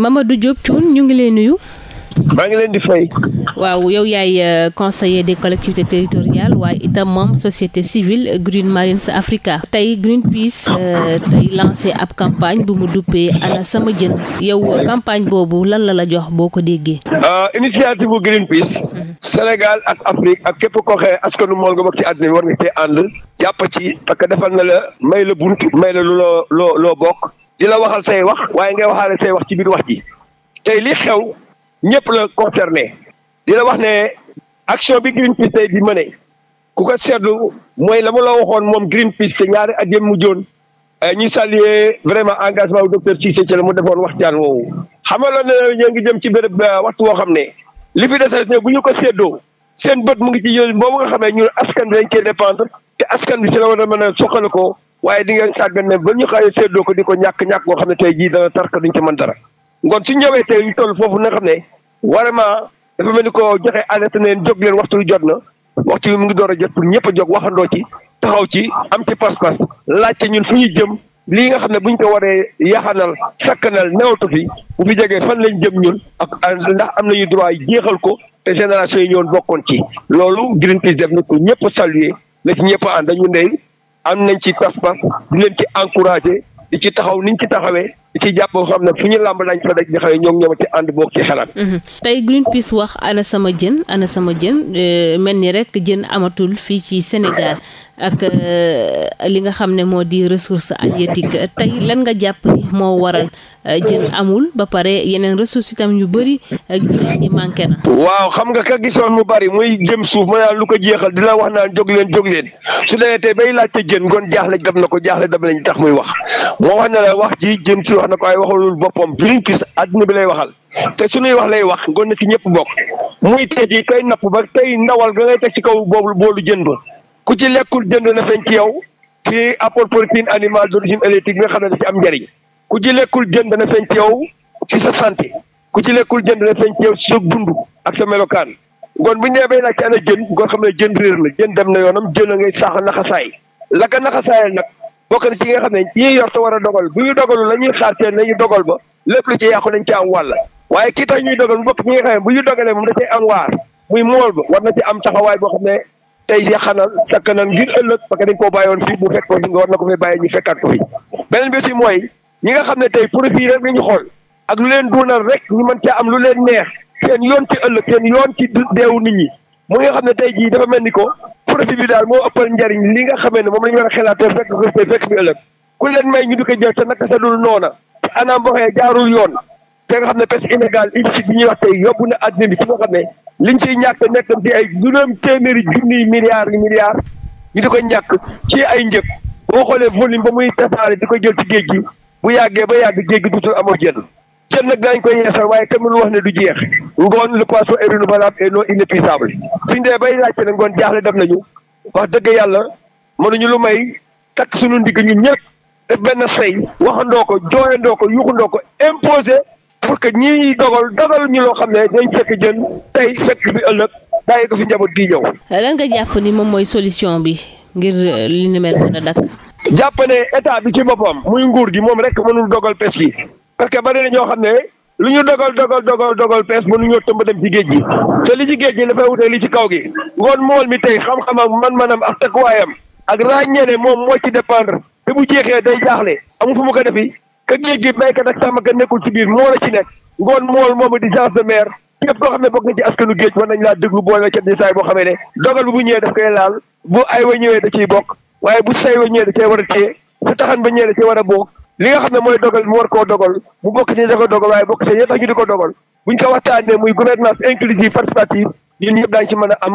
Mamadou Diop Thioune ñu ngi lay nuyu. maa ngi leen di fay. waaw yow yaay euh, conseiller des collectivités territoriales waaye itam moom société civile Green Marines Africa tey Greenpeace euh, tey lancé ab campagne bu mu duppee ana sama jën yow euh, campagne boobu lan la la jox boo ko déggee. initiative bu Greenpeace. Sénégal ak Afrique ak képp koo xee askanu mool nga bokk ci àddina bi war nga cee ànd. jàpp ci parce que defal na la may la bunt may la loo loo loo bokk. di la waxal say wax waaye ngay waxaale say wax ci biir wax ji tey li xew ñëpp la concerné dina wax ne action bi Greenpeace tey di mëne ku ko seetlu mooy la ma la waxoon moom Greenpeace te ñaari at yëpp mu joon eh, ñu saluer vraiment engagement bu ci Cissé ci la mu defoon wax waxtaan woowu xamaloon ne ñoo ngi jëm ci bërëb béréb eh, waxtu woo xam ne li fi des ne bu ñu ko séddoo seen bët mu ngi ci yooyu boobu nga xamee ñun askan bi dañ koy dépendre te askan bi ci la war a mën a soxal waaye di ngeen sàggan ne ba ñu xëyee seddoo ko di ko ñàkk ñàkk goo xam ne tey jii dana tark duñ ci mën dara ngoon su ñëwee tey ñu toll foofu na xam ne vraiment dafa mel ni ko joxe alerte neen jóg leen waxtu jot na waxtu yi mu ngi door a jot pour ñëpp a jóg waxandoo ci taxaw ci am ci pas-pas laajte ñun fu ñu jëm lii nga xam ne buñ ko waree yaxanal sakkanal newatu fi bu jegee fan lañ jëm ñun ak ndax am na ñu droit yi jeexal ko te génération yi ñoon bokkoon ci loolu Greenpeace def na ko ñëpp saluer na ci ñëpp ànd dañu ne am nañ ci pas-pas di leen ci encouragé di ci taxaw niñ ci taxawee ci jàpp xam ne fu ñu làmb lañ ñoom ñoom ci ànd boog ci xalaat. Mhm. tey Greenpeace wax ana sama jën ana sama jën euh, mel ni rek jën amatul fii ci Sénégal ak euh, li nga xam ne moo di ressource halieutique tey lan nga jàpp ni moo waral euh, jën amul ba pare yeneen ressource itam yu bëri ak nañ ni manqué na. waaw xam nga ka gisoon mu bari muy jëm suuf ma naan lu ko jeexal dina wax naan jog leen jog leen su dee tey bay laajte jën ngoon jaaxle dab na ko jaaxle dam lañ tax muy wax na la wax na ko ay waxalul boppam Greenpeace àdduna bi lay waxal te su ñuy wax lay wax ngoon na ci ñëpp bokk muy tey jii kay napp ba tey ndawal ga ngay teg ci kaw boobu boolu jën ba ku ci lekkul jënd na feeñ ci yow ci apport protéine animale d'origine halieutique nga xam ne am njëriñ ku ci lekkul jënd na feeñ yow sa santé ku ci lekkul jënd na feeñ ci ci sa bund ak sa melokaan ngoon bi ñu nee bay laajte ana jën nga xam ne jën réer la jën dem na yoonam jën a ngay saax naxasaay la ka naxasaayal nag. bokk na ci nga xam ne ñii yor te war a dogal bu ñu dogalul la ñuy xaar seen nañu dogal ba lépp lu ci yàqu dañ ci am wàll waaye kii tax ñuy dogal mu bokk ci nga bu ñu dogalee moom da cay am waar muy mool ba war na ci am taxawaay boo xam ne tey si xanal sakkanal ngir ëllëg parce que dañ koo bàyyoon fii bu fekk ko fi nga na ko fi bàyyi ñu fekkaat ko fi beneen bi si mooy ñi nga xam ne tey profit rek ñu xool ak lu leen duunal rek ñu mën caa am lu leen neex seen yoon ci ëllëg seen yoon ci deewu nit ñi mu nga xam ne tey jii dafa mel ni ko produit bi daal moo ëppal njariñ li nga xamee ne moom la ñu war a xalaatee fekk ko ku leen may ñu di ko jël te naka sa dul noona te anaam waxee jaarul yoon te nga xam ne pêche illégale illicite bi ñuy wax tey yóbbu na àddina bi ci nekk di ay juróom téeméeri junniy milliards yi milliards ñu di ko ñàkk ci ay njëb boo xoolee volume ba muy tasaare di ko jël ci géej gi bu yàggee ba yàgg géej gi dutul amoo jël ceeb nag daañu koy yeesal waaye kenn mënu wax ne du jeex ngoon le poisson est renouvelable et non inépuisable suñ bay laajte nag ngoon jaaxle dem nañu wax dëgg yàlla mënuñu lu may takk suñu ndigg ñun ñëpp def benn say waxandoo ko jooyandoo ko yuxandoo ko imposé pour que ñi dogal dogal ñu loo xam ne dañ fekk jën tey fekk bi ëllëg bàyyi ko fi njaboot di ñëw. lan nga jàpp ni moom mooy solution bi ngir euh, li ni mel a dakk jàpp ne état bi ci boppam muy nguur gi moom rek mënul dogal pêche yi parce que bari na ñoo xam ne lu ñu dogal dogal dogal dogal pees mënuñoo tëmb dem ci géej gi te li ci géej gi dafay wutee li ci kaw gi ngoon mool mi tey xam-xam ak man-manam ak takkuwaayam ak ràññee ne moom moo ci dépendre te bu jeexee day jaaxle amu fu mu ko defi ka géej gi béykat ak sàmmkat nekkul ci biir moo la ci nekk ngoon mool moomu di chance de maire képp koo xam ne bokk na ci askanu géej war nañ laa déglu boole ca di saay boo xamee ne dogal bu ñëwee daf koy laal bu ay wa ñëwee bokk waaye bu say wa ñëwee da cee a ba ñëwee war a bokk li nga xam ne mooy dogal mu war koo dogal mu bokk ci ñi ko dogal waaye bokk ci ñi tax ñu di ko dogal buñ ko waxtaanee muy gouvernance inclusive participative ñun ñëpp daañu ci mën a am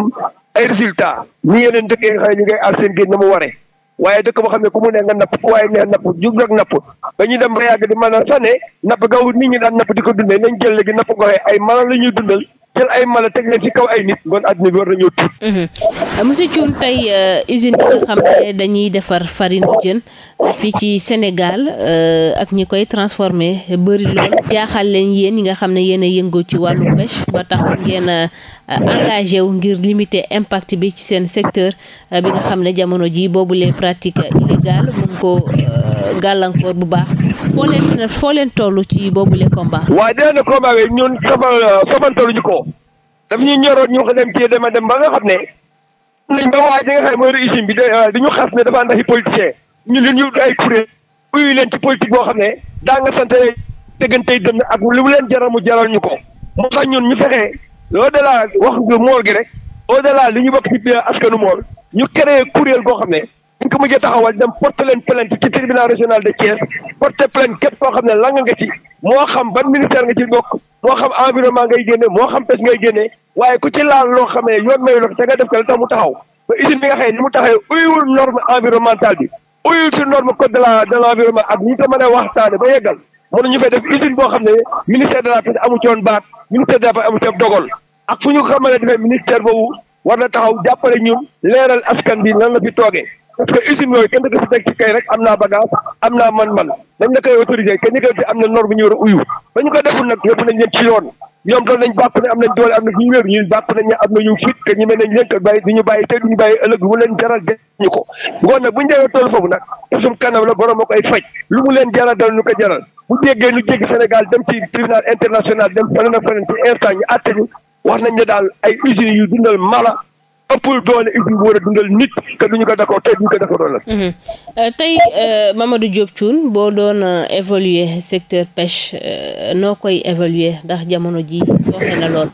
ay résultats ñi yeneen dëkk yi ñu ngay aar seen géej na mu waree waaye dëkk boo xam ne ku mu nee nga napp ku waaye ne napp jug rek napp ba ñu dem ba yàgg di mën a ne napp gawut nit ñi daan napp di ko dundee nañ jël léegi napp goxee ay mala la ñuy dundal jël ay mala teg leen ci kaw ay nit ngoon àdduna bi war nañoo tuut. Mhm. monsieur Thioune tey euh, usine yi nga xam ne dañuy defar farine jën euh, fii ci Sénégal euh, ak ñi koy transformer bëri lool jaaxal leen yéen ñi nga xam ne yéen a yëngoo ci wàllu pêche ba tax ngeen engagé wu ngir limiter impact bi ci seen secteur bi nga xam ne jamono ji boobu les pratiques illégales mun ko gàllankoor bu baax. foo leen foo leen toll ci boobule combat. waaye dinañ combat bi ñun soxla soxantaaluñu ko daf ñuy ñoroon ñu dem ci dama dem ba nga xam ne. nañ ba waaye di nga xam mooy di ñu xas ne dafa ànd ak ñu li ñu ay kuréel uyu leen ci politique boo xam ne daa nga sant dëggantey dem ak lu mu leen jaral mu jaral ñu ko moo tax ñun ñu fexee au delà wax mool gi rek au laa li ñu bokk ci askanu mool ñu créé kuréel goo xam ne dañ ko mujjee taxawal dem porter leen plainte ci tribunal régional de Thiès porter plainte képp koo xam ne lang nga ci moo xam ban ministère nga ci bokk moo xam environnement ngay génne moo xam pêche ngay génne waaye ku ci laal loo xamee yoon mayu la te nga def ko la tax mu taxaw ba usine bi nga xëy ni mu taxawee uyul norme environnementale bi uyul ci norme code de la de l' environnement ak ñu ko mën a waxtaane ba yeggal mënuñu fay def usine boo xam ne ministère de la pêche amu ci woon baat ministère de ak fu bi nan la fi toogee parce que usine yooyu kenn du ko fi rek am naa bagage am naa man-man dañ la koy autorisé kenn ñu am na norme ñu war a uyu na ñu wér ñu bàpp nañ ne na ñu fit te ñu mel nañ leen ko bàyyi du ñu bàyyi te du ñu bàyyi ëllëg a koy faj lu mu leen jaral dana dem ci tribunal international dem feneen ak feneen ci instant nañ ne daal ay usines yu dundal mala ëppul doole it war dundal nit te duñu ko d'accord tey duñu ko d'accord la mhm. euh, tey euh, Mamadou Diop Thioune boo doon euh, évoluer secteur pêche noo koy évoluer ndax jamono ji sooxe na lool.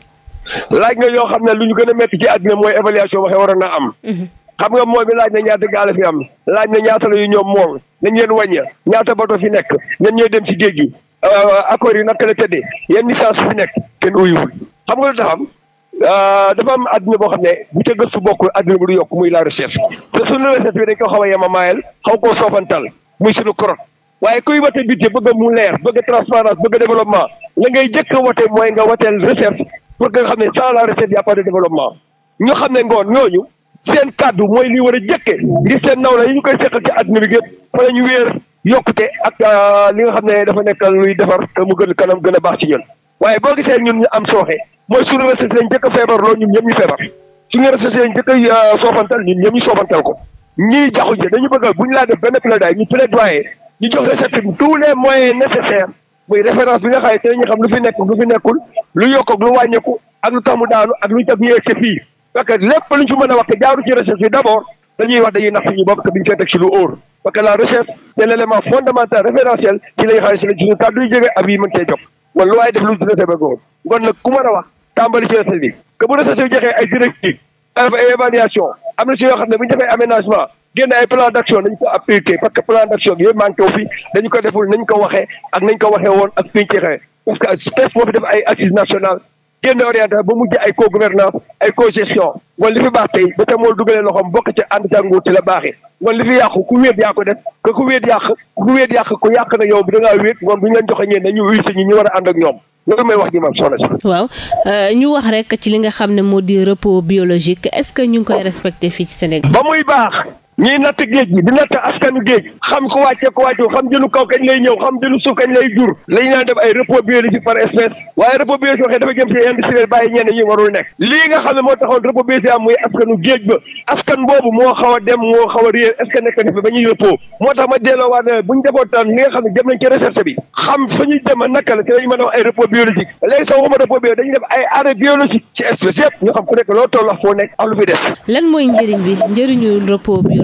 laaj nga yoo xam ne lu ñu gën a métti ci àddina mooy évaluation waxee waroon naa am. Mhm. xam nga moom bi laaj na ñaata gaal fi am laaj na ñaata la yu ñoom moom nañ leen wàññi ñaata bato fi nekk ñen ñooy dem ci géej gi accords yi naka la tëddee yenn licence fi nekk kenn uyuwul xam nga lu tax Euh, dafa am àdduna boo xam ne bu ca gëstu bokkul àdduna bi du yokk muy la recherche te suñu recherche bi dañ ko xaw a yemamaayal xaw koo soofantal muy kuy wote budget bëgg mu leer bëgg transparence bëgg la ngay jëkk a mooy nga woteel recherche xam ne sans la recherche y développement ñu xam ne ngoon ñooñu seen kàddu mooy li war a jëkke ngir seen naw la yi ñu koy seqal ci àdduna bi gépp fa ñu wéer yokkute ak euh, li nga xam ne dafa nekk luy defar te mu gën kanam gën a baax ci ñun waaye boo gisee ñun ñu am sooxe mooy suñu recette lañ njëkk a feebar loolu ñun ñëpp ñu feebar suñu recette lañ njëkk a euh, soofantal ñun ñëpp ñu soofantal ko ñii jaxu ji dañu bëgg bu ñu laa def benn plaidoyer ñu plaidoyer ñu jox recette bi tous les moyens nécessaires muy référence bi nga xaye te ñu xam lu fi nekk lu fi nekkul lu yokk ak lu wàññeeku ak lu tax mu daanu ak lu tax ñu yegg ci fii parce que lépp lu ñu ci mën a wax te jaaru ci recherche yi d' abord dañuy wax dañuy nax suñu bopp te duñ koy teg ci lu óor parce que la recherche c' est l' élément fondamental référentiel ci lay xaye si la suñu kàddu yu jógee ak yi mën cee jox kon lu waaye def lu dina sebagoo kon nag ku mën a wax tàmbali ci recette bi que bu recette bi ay directives ay évaluation am na si yoo xam ne bu ñu aménagement génn ay plan d' action ko appliqué parce que plan d' action bi yooyu manqué wu fi dañu ko deful nañ ko waxee ak nañ ko waxee woon ak fi ñu ci xewee parce que STEF moo fi def ay assises nationales génn orienté ba mujj ay co-gouvernance ay co-gestion ngoon li fi baax tey ba te moo dugalee loxoom bokk ci ànd jàngu ci la baaxee ngoon li fi yàqu ku wéet yàqu def que ku wéet yàq ku wéet yàq ku yàq na yow bi wéet ngoon bu ñu leen joxe ñeen dañu uy ñi ñu war a ànd ak ñoom loolu may wax ji maam soxna si waaw euh, ñu wax rek ci li nga xam ne moo di repos biologique est-ce que ñu ngi koy respecté fii ci Sénégal ba muy baax ñiy natt géej gi di natt askanu géej xam ko wàcce ko xam jëlu kaw kañ lay ñëw xam jëlu suuf kañ lay jur lañu naan def ay repos biologique par espèce waaye repos biologique waxee dafa jëm ci industrie nekk lii nga xam ne moo taxoon repos biologique am muy askanu géej ba askan boobu moo xaw a dem moo xaw a réer est ce que nekk na fi ba ñuy repos moo tax ma delloo waat ne bu ñu defoon tan li nga xam ne jëm nañ ci recherche bi xam suñuy dem a naka la ci lañu mën a wax ay repos biologique léegi sax waxuma repos biologique dañuy def ay loo toll wax nekk ak lu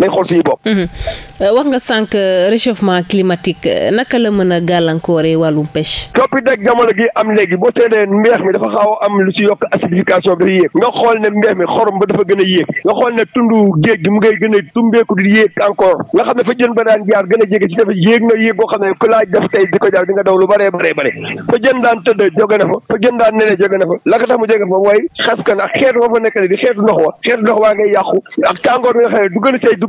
nañ si suñu bopp. Mhm. Euh, wax nga sànq euh, réchauffement climatique euh, naka la mën a gàllankooree wàllu pêche. coppi nag jamono gi am léegi boo seetlee mbeex mi dafa xaw a am lu ci yokk acidification bi dafa yéeg nga xool ne mbeex mi xorom ba dafa gën a yéeg nga xool ne tundu géej gi mu ngay gën a tumbeeku di yéeg encore nga xam ne fa jën ba daan jaar gën a jege ci dafa yéeg na yéeg boo xam ne ku laaj def tey di ko jaar di nga lu bare bare bare fa jën daan tëdd jo na fa daan nene jóge na fa la ko tax mu jóge fa mooy xaskan ak xeetu fa nekk di xeetu ndox wa xeetu ndox nga xam ne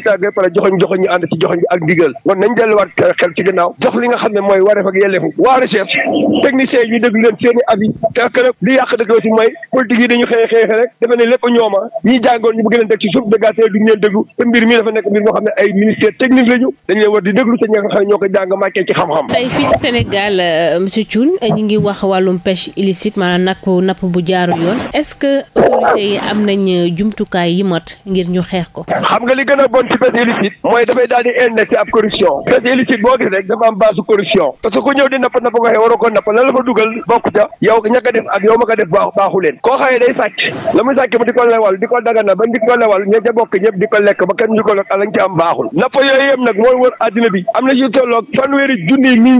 saytaane ba pare joxoñ joxoñ ñu ànd ci joxoñ bi ak ndigal kon nañ delluwaat xel ci gannaaw jox li nga xam ne mooy wareef ak yelleefu waa recherche techniciens yi ñu déglu leen seeni avis te ak nag li yàq dëkk aussi mooy politique yi dañu xëy xëy xëy rek dafa ne lépp ñooma ñi jàngoon ñu bëgg leen teg ci suuf dëggaatee duñu leen déglu te mbir mi dafa nekk mbir moo xam ne ay ministère technique lañu dañ leen war di déglu te ña nga xam ne ñoo ko jàng màccee ci xam-xam tey fii ci Sénégal euh, monsieur Thioune ñu ngi wax wàllum pêche illicite maanaam napp napp bu jaarul yoon est-ce que autorités yi am nañ euh, jumtukaay yi mat ngir ñu xeex ko xam nga li gën a bon ci pêche illicite mooy dafay daal di indexé ab corruption pêche illicite boo gis rek dafa am base corruption parce que ku ñëw di napp napp ko xëy waroo ko napp lan la fa dugal bokk ca yow ña ko def ak yow ma ko def baax baaxu leen koo day sàcc la muy sàcc mu di ko lewal di ko dagana ba di ko lewal ña ca bokk ñëpp di ko lekk ba kenn ñu ko lekk alañ ci am baaxul napp yooyu yëpp nag mooy wër àddina bi am na ci tolloog fanweeri junniy mi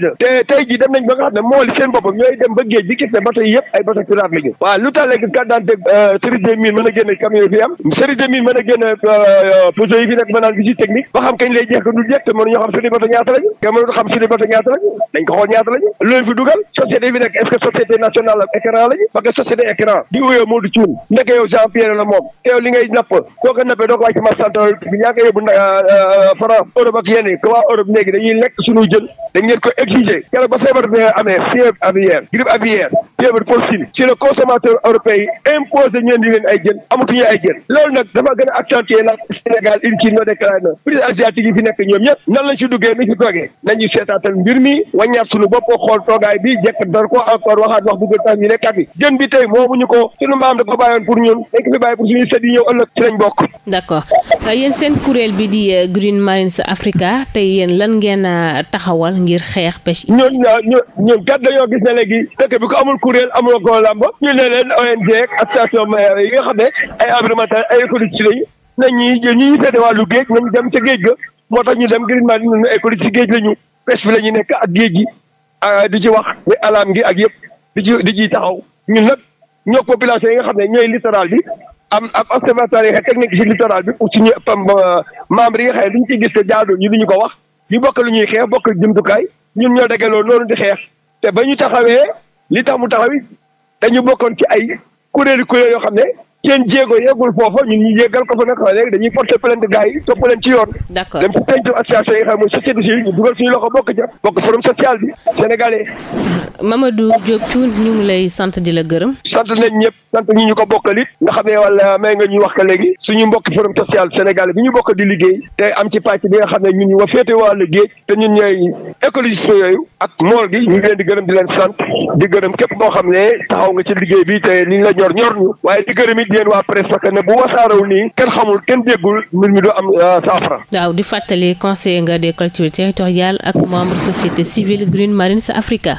village la te tey jii dem nañ ba nga xam ne mool yi seen boppam ñooy dem ba géej di gis ne bato yi yëpp ay bato piraat la ñu lu tax léegi carte d'identité euh, service des mines mën a génne camion fi am service des mën a génne euh, euh, poteau yi fi nekk mënaan xam kañ lay jeex ko dul jeex te mënuñoo xam suñu bato ñaata lañu te mënuñu xam suñu bato ñaata lañu dañ ko xool ñaata lañu loolu fi dugal société yi fi nekk est société nationale écran lañu parce que société écran di wuyoo Modou exiger keroog ba feebar bi amee fièvre aviaire grippe aviaire fièvre porcine ci le consommateur européen yi imposé ñeen di leen ay jën amatuñu ay jën loolu nag dafa gën a accentuer la Sénégal une kii no déclaré na plus asiatique duggee ni ci toogee nañu seetaatal mbir mi wàññaat suñu bopp xool toogaay bi jekk dor ko encore waxaat wax bu gën tax ñu nekkat jën bi tey moomuñu ko suñu maam da ko bàyyoon pour ñun dañ ko fi bàyyi pour suñuy sët yi ñëw ëllëg ci lañ bokk d'accord euh, yéen seen kuréel bi di euh, Green Marines Africa tey yéen lan ngeen euh, taxawal ngir xeex pêche yi. ñun ñoo ñun kat dañoo gis ne léegi dëkk bi ko amul kuréel amuloo ko làmb ñu ne leen ONG ak association maire yi nga xam ne ay environnemental ay écologistes lañu nañ ñuy ñu féete wàllu géej nañ dem ca géej ga moo tax ñu dem Greenpeace ñun écologiste géej lañu pêche bi la ñu nekk ak géej gi di ci wax muy gi ak yëpp di ci di ciy taxaw ñun nag ñoo population yi nga xam ne ñooy littoral bi. am am observatoire yi nga technique ci bi pour suñu euh, yi nga ne li ñu ciy gis que jaadu ñu ñu ko wax ñu bokk lu ñuy xeex bokk jumtukaay ñun ñoo dagaloo loolu di xeex te ba ñu taxawee li tax mu taxawi dañu bokkoon ci ay kuréeli kuréel yoo xam ne seen jéego yeggul foofa ñun ñu yeggal ko fa nag xam léegi dañuy porter plainte gars yi topp ci yoon dem ci penc association yi xam mooy société civile ñu dugal suñu loxo bokk ca bokk forum social bi sénégalais Mamadou Diop Thioune ñu ngi lay sant di la gërëm sant nañ ñëpp sant ñu ñu ko bokkal it nga xam ne wala may nga ñuy wax ka léegi suñu mbokki forum social sénégalais bi ñu bokk di liggéey te am ci pàcc bi nga xam ñu wa féete wàllu géej te ñun ñooy écologiste yooyu ak mool gi ñu ngi leen di gërëm di leen sant di gërëm képp boo xam ne taxaw nga ci liggéey bi te li la ñor ñor ñu yëg yéen waa presse parce que ne bu wasaaraw nii kenn xamul kenn déggul mbir mi du am euh, saafara. waaw di fàttali conseil nga des collectivités territoriales ak membre société civile Green Marines Africa.